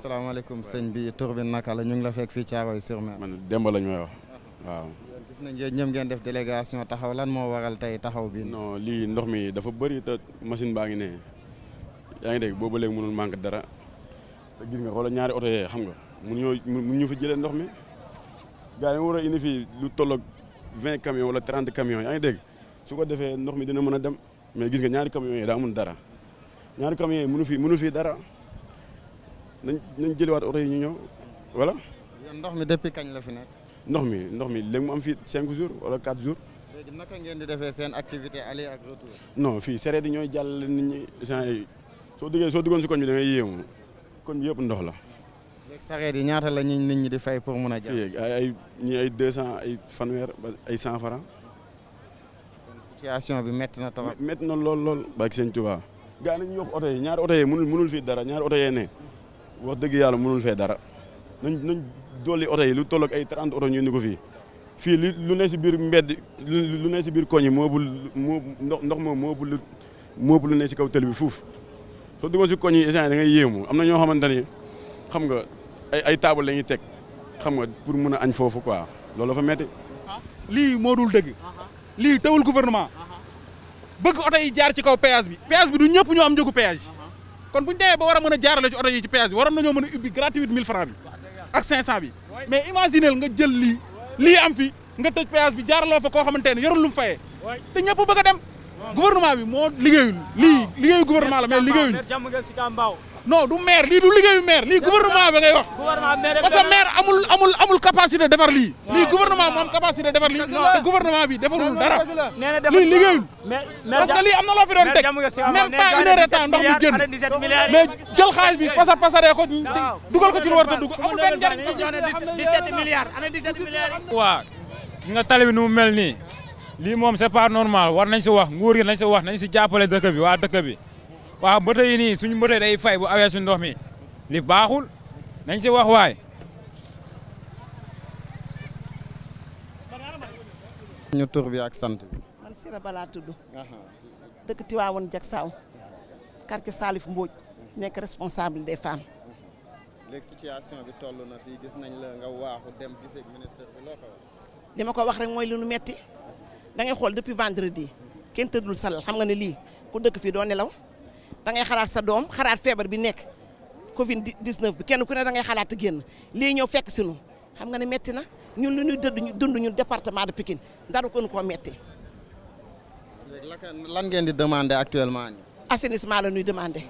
asalaamaaleykum sëñ bi tur bi naka la ñu ngi la fekk fii Thiaroye sur Mer. man Demba lañ may wax waaw. gis nañ yéen ñoom ngeen def délégation taxaw lan moo waral tey taxaw bi. non lii ndox mi dafa bëri machine baa ngi ne yaa ngi dégg boobu léegi mënul manqué dara gis nga xoolal ñaari oto xam nga mënuñoo mënuñu fi jëlee ndox mi gars yi war a indi fii lu tolloog vingt camions wala trente yaa ngi dégg su ko defee ndox mi dina mën a dem mais gis nga ñaari camions yi daa mun dara ñaari camions yi mënu fi mënu fi dara. nañ nañ jëliwaat oto yi ñu ñëw voilà. ndox mi depuis kañ la fi nekk. ndox mi ndox mi léegi mu am fii cinq jours wala quatre jours. léegi naka ngeen di defee seen activité aller non fii sareet yi ñooy jàllale nit ñi gens soo duggee soo duggoon si koñ bi da ngay yéemu koñ kon yëpp ndox la. léegi sareet yi ñaata la ñuy nit ñi di fay pour mun a. jàll ay ñii ay deux cent ay fanweer ba ay cent franc. bi métti na trop. métti na lool lool. ba ak seen Tuubaa. gaa nañu yokk oto yi ñaar oto yi mënul mënul fii dara ñaari oto yee ne. wax dëgg yàlla mënul fee dara nañ nañ dolli oto yi lu toll ay 30 oto ñu ni ko fii fii li lu ne si biir mbedd lu ne si biir koñ yi moobu moo ndox ndox moom moobu lu moobu si kaw tëli bi fuuf soo duggoon si koñ yi échange da ngay yéemu am na ñoo xamante ni xam nga ay ay taabal la teg xam nga pour mun a añ foofu quoi loolu fa metti lii moo dul dëgg lii tawul gouvernement uh-huh. bëgg oto yi jaar ci kaw péage bi péage bi du ñëpp ñoo am njëgu péage kon bu ñu demee ba war a mën a jaarale ci oto yi ci péage bi waroon nañoo mën a ubbi gratuite 1000 francs bi ak 500 bi mais imaginel nga jël lii lii am fi nga tëj péage bi jaaraloo fa koo xamante ne yorul lu mu te ñëpp bëgg a dem gouvernement bi moo liggéeyul lii liggéeyu gouvernement la mais liggéeyuñ non du maire lii du liggéeyu maire lii gouvernement bi ngay wax. parce que maire amul amul amul defar lii. lii gouvernement moom capacité defar lii. lii liggéeyul. parce lii am na loo i doon teg même pas une heure de temps ndox mi génn. jël xaalis bi fasa fasaree ko dugal ko ci lu war a dugg amul benn njëriñ. waaw ñi nga tali bi nu mu mel nii lii moom c'est pas normal war nañ si wax nguur yi nañ si wax nañ si jàppale dëkk bi waa dëkk bi waaw mbëtë yi nii suñu mbëtë day fay bu awee suñu ndox mi li baaxul nañ si wax waay. ñu tur bi ak sant bi. man Sira Bala tudd. dëkk Tiwaawoon Jaksaaw. quartier Salif Mbodj. nekk responsable des femmes. situation bi toll na gis nañ la nga li ma ko wax rek mooy lu nu metti da xool depuis vendredi kenn tëddul salal xam nga ne lii ku dëkk fii doo nelaw. da ngay xalaat sa doom xalaat feebar bi nekk Covid 19 bi kenn ku ne da ngay xalaat génn lii ñëw fekk si ñu xam nga ne metti na ñun lu ñuy dëdd ñu dund ñun département de Pikine dara ko ñu koo metti lan ngeen di demander actuellement. assainissement la ñuy demander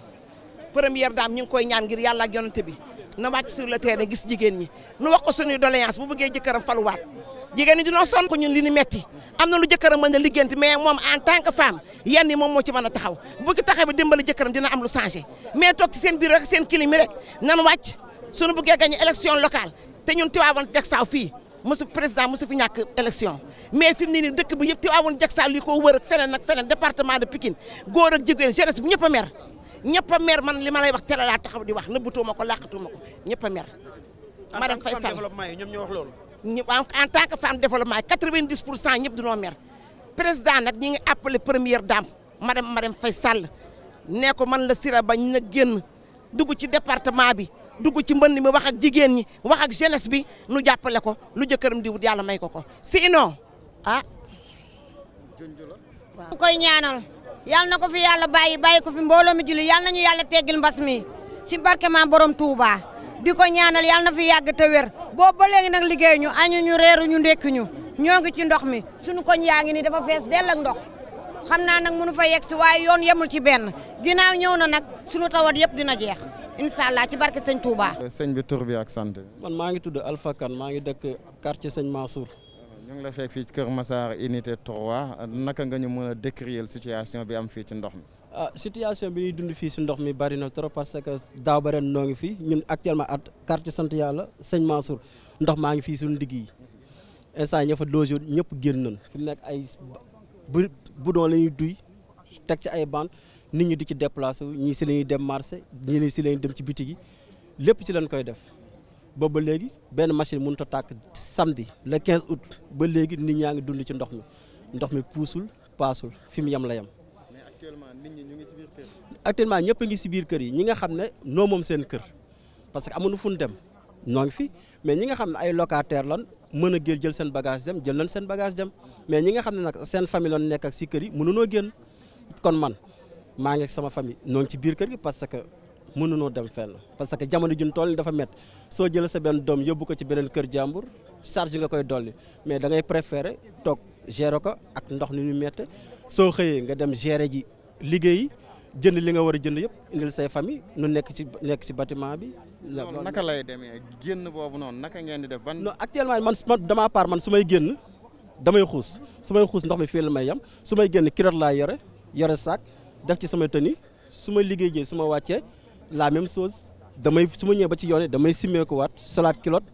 première dame ñu ngi koy ñaan ngir yàlla ak yonante bi. na wàcc sur le terrain gis jigéen ñi nu wax ko suñuy doléance bu bëggee jëkkëram faluwaat jigéen ñi dinoo sonn ko ñun li ni metti am na lu jëkkëram mën a liggéenti mais moom en tant que femme yenn yi moom moo ci mën a taxaw bu ki taxaw bi dimbali jëkkëram dina am lu changé mais toog ci seen biir rek seen kilim yi rek nan wàcc suñu bëggee gagné élection locale te ñun Tivaouane Diacksao fii mosu président mosu fi ñàkk élection mais fi mu ne nii dëkk bu yëpp Tivaouane Diacksao li ko wër ak département de Pikine góor ak ñëpp a mer man li ma lay wax teel laa taxaw di wax nëbbatuuma ko làqatuuma ko ñëpp a mer. madame Faye Sall développement yi ñoom ñoo wax loolu. ñu en tant que femme développement yi 90 pour cent ñëpp dañoo mer président nag ñi ngi appelé première dame madame madame Faye Sall nee ko man la Sira Ba ñu na génn dugg ci département bi dugg ci mbënd mi wax ak jigéen ñi wax ak jeunesse bi nu jàppale ko lu jëkkëram di wut yàlla may ko ko sinon ah. waaw yàlla na ko fi yàlla bàyyi bàyyi ko fi mbooloo mi julli yàlla ñu yàlla teggil mbas mi si barke maam borom Touba di ko ñaanal yàlla na fi yàgg te wér boobu ba léegi nag liggéey ñu añu ñu reeru ñu ndekki ñu ñoo ngi ci ndox mi suñu ko yaa ngi ni dafa fees dell ndox xam naa nag mënu fa yegg si waaye yoon yemul ci benn ginnaaw ñëw na nag suñu tawat yëpp dina jeex incha allah ci barke sëñ Touba. sëñ bi tur bi ak sant bi. maa ngi tudd Alpha Kane maa ngi dëkk quartier sëñ Mansour. ñu ngi la fekk fii ci Kër Massar unité 3 naka nga ñu mën a décrire situation bi am fii ci ndox mi. ah situation bi ñuy dund fii si ndox mi bari na trop parce que daaw ba noo ngi fii ñun actuellement at quartier sant yàlla sëñ Mansour ndox maa ngi fii suñu digg yi instant ña fa logé ñëpp génn nañ fi mu nekk ay bu budon la ñuy duy teg ci ay bande nit ñi di ci déplacé wu ñii si lañuy dem marché ñii si la dem ci bitig yi lépp ci lañ koy def. boobu ba léegi benn machine mënut a tàkk samedi le quinze août ba léegi nit ñaa ngi dund ci ndox mi ndox mi puusul paasul fi mu yem la yem. mais actuellement ngi ci biir kër yi. actuellement ñëpp ngi si biir kër yi ñi nga xam ne noo moom seen kër parce que amuñu fu nu dem noo ngi fi mais ñi nga xam ne ay locataire lan mën a jël seen bagage dem jël nañ seen bagage dem mais ñi nga xam ne nag seen famille lan nekk ak si kër yi noo génn kon man maa ngi sama famille noo ci biir kër gi parce que. mënunoo dem fenn parce que jamono jun tool dafa met soo jëlee sa benn doom yóbbu ko ci beneen kër jàmbur charge nga koy dolli mais da ngay préféré toog gérer ko ak ndox ni ñu mette soo xëyee nga dem gere ji liggéey jënd li nga war a jënd yëpp indil say famille nu nekk ci nekk ci bâtiment bi. naka lay demee génn boobu noonu naka ngeen di def ban. actuellement man man damaa part man su may génn damay xuus su may xuus ndox mi fii la may yem su may génn kiroot laa yore yore saak def ci sama tenue su ma liggéey su ma wàccee. la même chose damay su ma ñëwee ba ci yoon yi damay simmeeku waat solaat kilote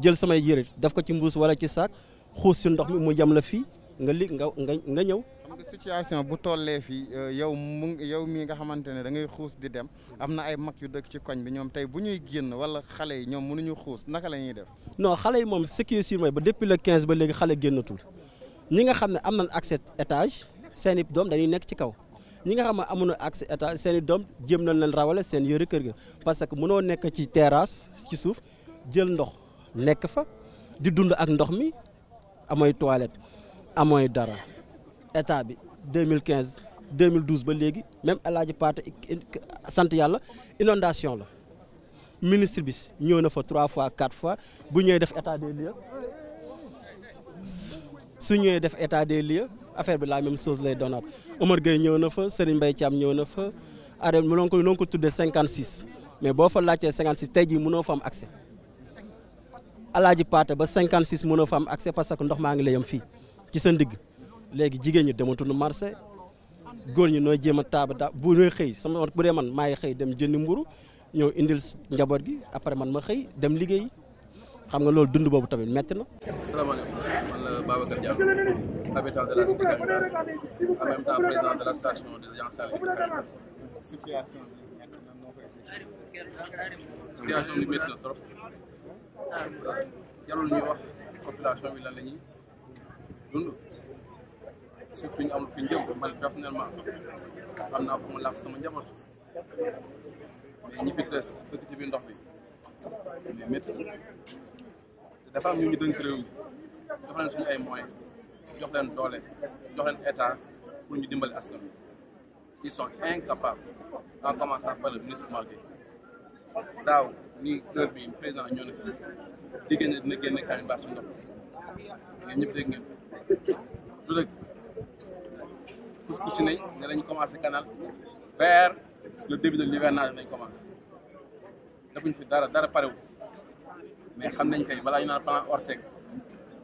jël samay yére daf ko ci mbuus wala ci saak xuus si ndox mi mu jam la fii nga li nga nga nga ñëw. situation bu tollee fii euh, yow mu yow mii nga xamante ne da xuus di dem am na ay mag yu dëkk ci koñ bi ñoom tey bu ñuy génn wala xale yi ñoom mënuñu xuus naka la ñuy def. non xale yi moom ce qui est ba depuis le 15 ba léegi xale génnatul ñi nga xam ne am na accès étage seen i doom dañuy nekk ci kaw. ñi nga xam ne amuñu accès état seen i nañ leen rawale seen yëre kër ga parce que munoo nekk ci terrasse ci suuf jël ndox nekk fa di dund ak ndox mi amooy toilette amooy dara état bi 2015 2012 ba léegi même El Hadj Pate sant yàlla inondation la ministre bi ñëw na fa trois fois quatre fois bu ñëwee def état des lieux su ñëwee def état des lieux. affaire bi la même chose lay doonaat Omar Gueye ñëw na fa Serigne Mbaye Thiam ñëw na fa arrêt mënoon ko mënoon ko tuddee 56 mais boo fa laajtee 56 tey jii mënoo fa am accès alaaji paate ba 56 mënoo fa am accès parce que ndox maa ngi lay yem fii ci sa ndigg léegi jigéen ñi dematuñu marché góor ñi nooy jéem a taaba daa bu ñooy xëy sama bu dee man maa ngi xëy dem jëndi mburu ñëw indil njaboot gi après man ma xëy dem liggéey. xam nga loolu dund boobu tamit metti na. asalaamaaleykum man la Babacar Dia habitant de la cité de l'association des agents Saint-Louis de Casamance. situation bi métti trop jarul ñuy wax population bi lan la ñuy dund surtout ñu amul fi ñu jëm am naa fu mu làkk sama njaboot mais ñi fi des dëkk ci biir ndox bi mais métti dafa am ñu ñu dënk réew mi jox leen suñu ay moyens jox leen doole jox leen état pour ñu dimbali askan wi ils sont incapables en commençant par le ministre daaw nii heure bi président ñoo ne fi liggéey na dina génne Karim ñëpp dégg ngeen du dëgg kus-kusi nañ ne dañu commencé canal vers le début de l'hivernage nañ commencé defuñ fi dara dara parewul mais xam nañ kay balaa ñu naan plan Orsec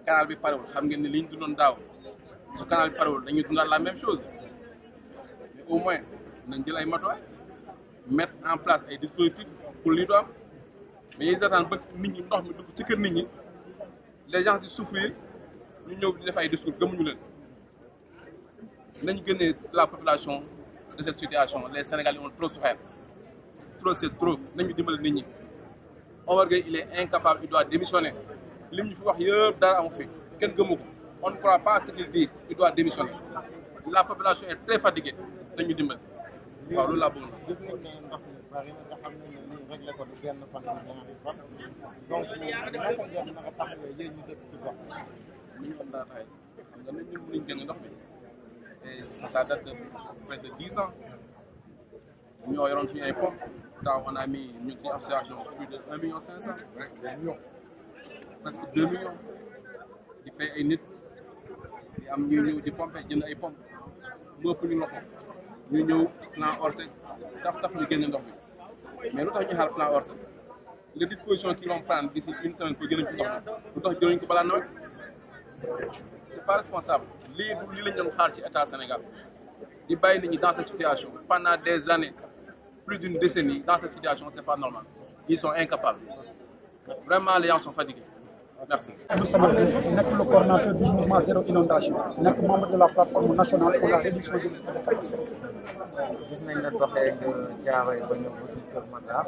canal bi parewul xam ngeen ne li ñu dundoon daaw su canal bi parewul dañuy dundaat la même chose mais au moins nañ jël ay matuwaay mettre en place ay dispositifs pour lii du mais ñuy dataan ba nit ñi ndox mi dugg ci kër nit ñi les gens di souffrir ñu ñëw di def ay discours gëmuñu leen nañu génnee la population de cette situation les Sénégalais ont trop souffert trop c'est trop nañu dimbali nit ñi. Omar Gueye il est incapable il doit démissionner lim ñu fi wax yëpp dara amu fi kenn gëmu on croit pas ce qu'il dit il doit la population est très fatiguée dañu dimbal waaw loolu laa bëggoon. gis nañ ndox mi bëri na la ñaari fan donc naka ngeen naka tax yéen ñu dëkk ci gox bi. ñu mën daa taxee xam nga de près de ans. ñoo yoroon suñu ay pompe daaw on a mis ñu ci association plus de un million cinq cent millions presque deux millions di fay ay nit di am ñuy di pompe jënd ay pompe bëpp ñu loxo ñu ñëw plan Orsec taf taf ñu génne ndox bi mais lu tax ñu xaar plan Orsec les dispositions qui vont prendre d'ici une semaine pour jëlañ ci ndox bi lu tax jëlañ ko balaa nawet c'est pas responsable lii du lii lañ xaar ci état Sénégal di bàyyi ni ñi dans cette situation pendant des années plus d'une décennie dans cette situation, c'est pas normal. Ils sont incapables. Vraiment, les gens sont fatigués. merci. Moussa Malgré nekk le coordonnateur du mouvement zéro inondation nekk membre de la plateforme nationale pour la réduction des risques de catastrophe. gis nañ la doxee Thiaroye ba ñëw aussi Kër Massar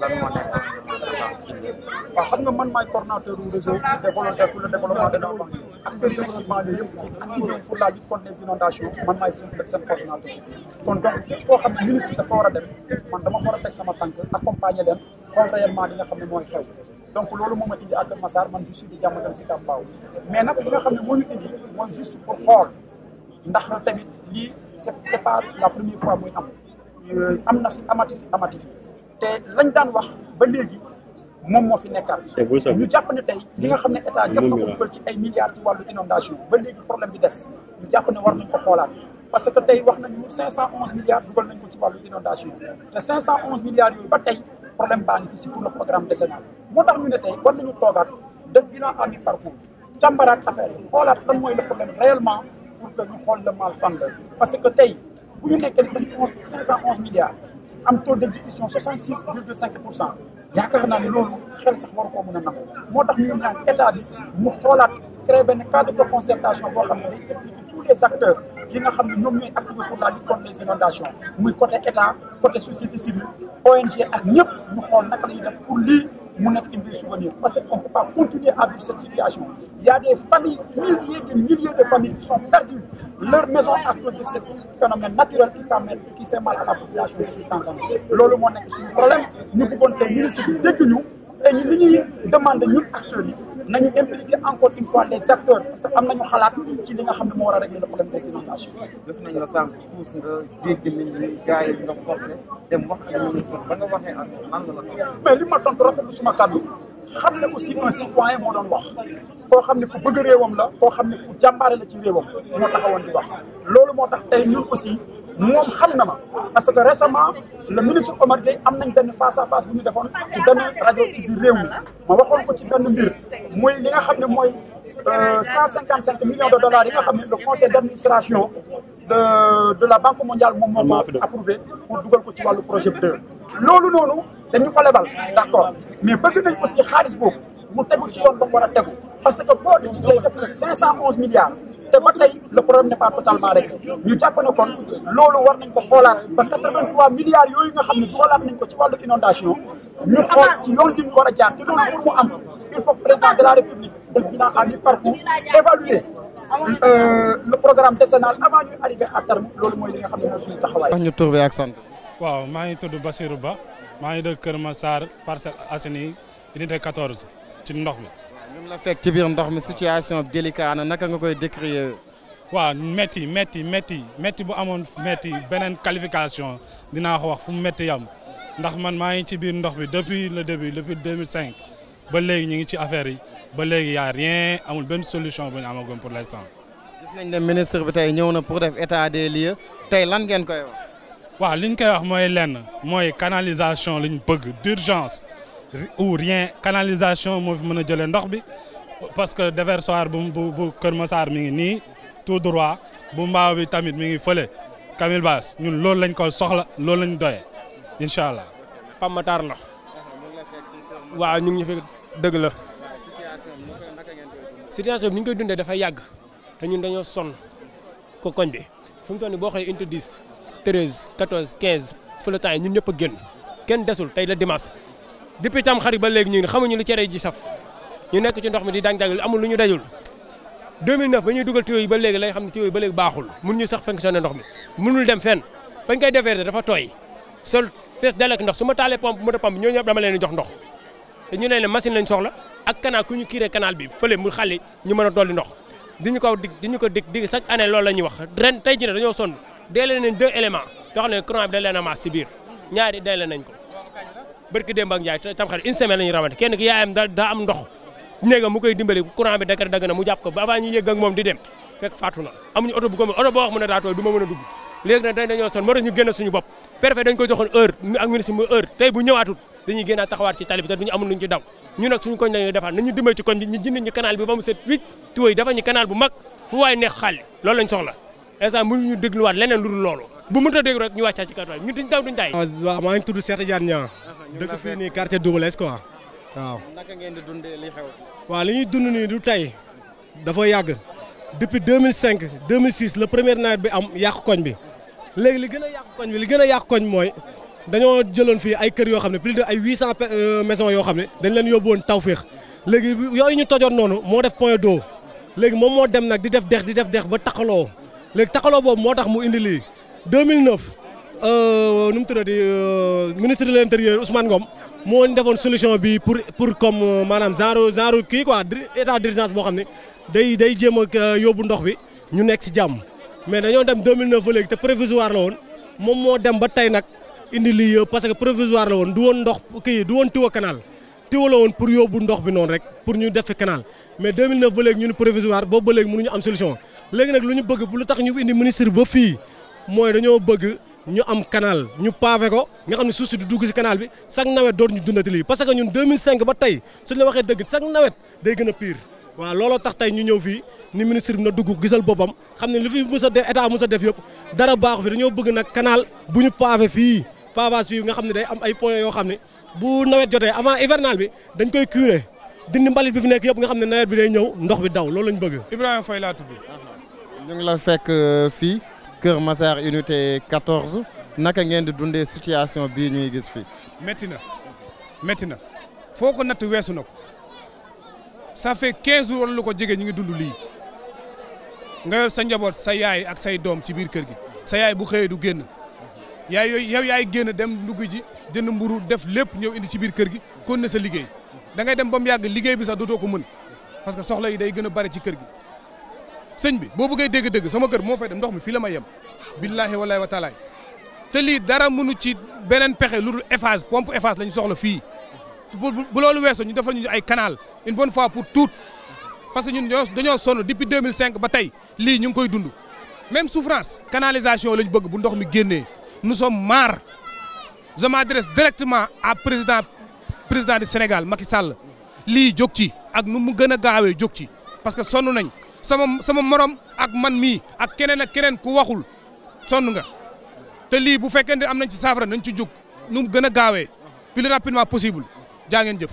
lan moo nekk waaw xam nga man maay coordonnateur du réseau des volontaires pour le développement de la banlieue acteurs yi nekk ci banlieue yëpp activés pour la lutte contre les inondations man maay seen seen coordonnateur kon donc képp koo xam ne ministre dafa war a dem man dama war a teg sama tànk accompagner leen xool réellement li nga xam ne mooy xew donc loolu moom a indi à Kër Massar man je suis de Diamaguène Sicap Mbao mais nag li nga xam ne moo ñu indi mooy juste pour xool ndax tamit lii c'est c'est pas la première fois am euh, am na fi fi amati fi te lañ daan wax ba léegi moom moo fi nekkaat ñu jàpp ne tey li nga xam ne état jot na ko dugal ci ay milliards ci wàllu inondation ba léegi problème bi des ñu jàpp ne war nañ ko xoolaat parce que tey wax nañu cinq cent onze milliards dugal nañ ko ci wàllu inondation te cinq cent onze milliards yooyu ba tey problème baa ngi fi si pour le programme décennal moo tax ñu ne tey war nañu toogaat def bilan à mi-parcours càmbaraat affaire yi xoolaat lan mooy le problème réellement pour que ñu xool le mal fan parce que tey bu ñu nekkee dañ milliards am taux d' exécution soixante naa ne loolu xel sax waru koo mën a nangu moo tax ñu ñaan état bi mu xoolaat créé benn cadre de concertation boo xam ne day impliqué tous les acteurs yi nga xam ne ñoom ñooy activé pour la lutte contre les inondations muy ak ñëpp ñu xool naka la ñuy def pour lii mu nekk souvenir parce que on peut pas continuer à vivre cette situation il y a des familles milliers de milliers de familles qui sont perdues leur maison à cause de ce phénomène naturel qui fait mal à la population depuis tant d'années loolu problème ñu bëggoon tey municipal dégg te ñu li ñuy demandé ñun acteurs yi nañu impliquer encore une fois les acteurs parce que am nañu xalaat ci li nga xam ne moo war a régler le problème des nañ la sànq nga jéggi nit ñi gars yi nga dem wax ministre ba nga waxee ak lan la la mais li ma tontu rafetlu suma kàddu xam ne aussi un citoyen moo doon wax koo xam ne ku bëgg réewam la koo xam ne ku jàmbaare la ci réewam moo taxawoon di wax loolu moo tax tey ñun aussi. moom xam na ma parce que récemment le ministre Omar Gueye am nañ benn face à face bu ñu defoon ci benn rajo ci biir réew ma waxoon ko ci benn mbir mooy li nga xam ne mooy euh, cent cinquante cinq millions de dollars yi nga xam ne le conseil d'administration de de la banque mondiale moom moo ko approuvé pour dugal ko ci wàllu projet 2 loolu noonu dañu ko lebal d'accord mais bëgg nañ aussi xaalis boobu mu tegu ci yoon ba a tegu parce que boo di gisee def na milliards te ba le problème n'est pas totalement réglé ñu jàpp ne kon loolu war nañ ko xoolaat ba milliards yooyu nga xam ne dugalaat nañ ko ci wàllu inondation ñu xool si yoon bi war a jaar te loolu pour mu am il faut président de la république def bilan à mi-parcours évaluer euh, le programme décennal avant ñuy arriver à terme loolu mooy li nga xam ne mooy suñu taxawaay. maa ngi tudd Bassirou Ba maa ngi dëkk Kër Massar Parcelles Assainies unité 14 ci ndox mi. ñu la fekk ci biir ndox mi situation bi délicat na naka nga koy décrire. waaw métti métti métti métti bu amoon métti beneen qualification dinaa ko wax fu mu métti yam ndax man maa ngi ci biir ndox bi depuis le début depuis cinq ba léegi ñu ngi ci affaire yi ba léegi y a rien amul benn solution bu ñu amagoon pour l'instant. gis nañ ne ministre bi tey ñëw na pour def état des lieux tey lan ngeen koy wax. waaw li ñu koy wax mooy lenn mooy canalisation lañ bëgg d'urgence ou rien canalisation moo fi mën a jëlee ndox bi parce que déversoir bu bu bu Kër Massar mi ngi nii tout droit bu mbaaw bi tamit mi ngi fële Camille Bass ñun loolu lañ ko soxla loolu lañu doyee incha allah. Pape Matar la. waaw ñu ngi ñu fi dëgg la. situation bi ni ñu koy dundee dafay yàgg te ñun dañoo sonn ko koñ bi fu mu boo xoolee unité 10 13 14 15 fële temps yi ñun ñëpp a génn kenn desul tey la dimanche. depuis tam xarit ba léegi ñun xamuñu lu cere ji saf ñu nekk ci ndox mi di dang-dang amul lu ñu dajul 2009 ba ñuy dugal tuyau yi ba léegi lay xam ne tuyau yi ba léegi baaxul mun ñu sax fonctionné ndox mi mënul dem fenn fañ koy defeere dafa tooy sol fees dalek ndox su ma taalee pompe moto pompe ñoo ñëpp dama leen jox ndox te ñu ne ne machine lañ soxla ak canal ku ñu kiiree canal bi fële mu xale ñu mën a dolli ndox diñu ko dig diñu ko dig dig chaque année loolu la ñuy wax ren tey ji ne dañoo sonn dee leen nañ deux éléments yoo xam ne courant si biir ñaari dee nañ ko barki démb ak Ndiaye tam xarit une semaine kenn ki yaayam daa am ndox néegam mu koy dimbali courant bi dakar dagg na mu jàpp ko ba ñu yëg ak moom di dem fekk faatu na amuñu oto bu ko oto boo wax mu ne daa a dugg ñu génn suñu bopp préfet dañ ko joxoon heure ak mu heure tey bu ñëwaatul dañuy génnaat taxawaat ci tali te duñu amul luñ ci daw ñu nag suñu koñ lañuy defar nañu dimbal ci koñ bi ñu jënd ñu canal bi ba mu set huit tuwéy dafa ñu canal bu mag fu waay neex xaal loolu lañ soxla leneen lu bu mënta dégg rek ñu wàccaa ci kàddu ñun duñ taw duñ tay waaw maa ngi tudd Cheikh Tidiane Niang dëkk fii nii quartier Doubalès quoi waaw naka waaw li ñuy dund nii du tey dafa yàgg depuis 2005 2006 la première nawet bi am yàq koñ bi léegi li gën a yàq koñ bi li gën a yàq koñ mooy dañoo jëloon fii ay kër yoo xam ne plus de ay cent 800 euh, maisons yoo xam ne dañ leen yóbbu woon tawféex léegi yooyu ñu tojoon noonu moo def point d'eau léegi moom moo dem nag di def dex di def dex ba taxaloo léegi taxaloo boobu moo tax mu indi lii 2009 euh, nu mu tuddati euh, ministre de l' intérieur Ousmane Ngom moo defoon solution bi pour pour comme euh, maanaam genre genre kii quoi état d' urgence boo xam ne day day jéem a yóbbu ndox bi ñu nekk si jàmm mais dañoo dem 2009 ba léegi te provisoire la woon moom moo dem ba tey nag indi lii yëpp parce que provisoire la woon du woon ndox kii du woon tiwa canal tiwa la woon pour yóbbu ndox bi noonu rek pour ñu def fi canal mais 2009 ba léegi ñu ne provisoire boobu ba léegi mënuñu lu ñu bëgg lu tax ñu indi ministre ba fii. mooy dañoo bëgg ñu am canal ñu pavé ko nga xam ne suuf si du dugg si canal bi chaque nawet dootu ñu dundati lii parce que ñun 2005 ba tey suñ la waxee dëgg chaque nawet day gën a pire waaw looloo tax tey ñu ñëw fii ni ministre bi na dugg gisal boppam xam ne li fi mus a def état mus a def yëpp dara baaxu fi dañoo bëgg nag canal bu ñu pavé fii pavage fii nga xam ne day am ay point yoo xam ne bu nawet jotee avant hivernal bi dañ koy curé dindi mbalit bi fi nekk yëpp nga xam ne nawet bi day ñëw ndox bi daw loolu lañ bëgg. Ibrahima Faye laa tudd. ñu fekk euh, fii. Kër Massar unité 14 naka ngeen di dundee situation bii ñuy gis fii. métti na métti na foo ko natt weesu na ko ça fait 15 jours lu ko jege ñu ngi dund lii nga sa njaboot sa yaay ak say doom ci biir kër gi sa yaay bu xëyee du génn yaay yooyu yow yaay génn dem ndugg ji jënd mburu def lépp ñëw indi ci biir kër gi kon ne sa liggéey da ngay dem ba mu yàgg liggéey bi sax dootoo ko mën parce que soxla yi day gën a bari ci kër gi. sëñ bi boo bëggee dégg-dégg sama kër moo fay dem ndox mi fii la ma yem billaahi walaahi wa taalaay te lii dara mënu ci beneen pexe lu dul Eiffage pompe Eiffage la ñu soxla fii bu loolu weesoo ñu defal ñu ay canal une bonne fois pour toutes parce que ñun ñoo dañoo sonn depuis 2005 ba tey lii ñu ngi koy dund même souffrance canalisation lañ bëgg bu ndox mi génnee nous sommes marre je m'adresse directement à président président du Sénégal Macky Sall lii jóg ci ak nu mu gën a gaawee jóg ci parce que sonn nañ sama sama morom ak man mii ak keneen ak keneen ku waxul sonn nga te lii bu fekkee ne am nañ ci saafara nañ ci jóg nu mu gën a gaawee plus rapidement possible jaa ngeen jëf.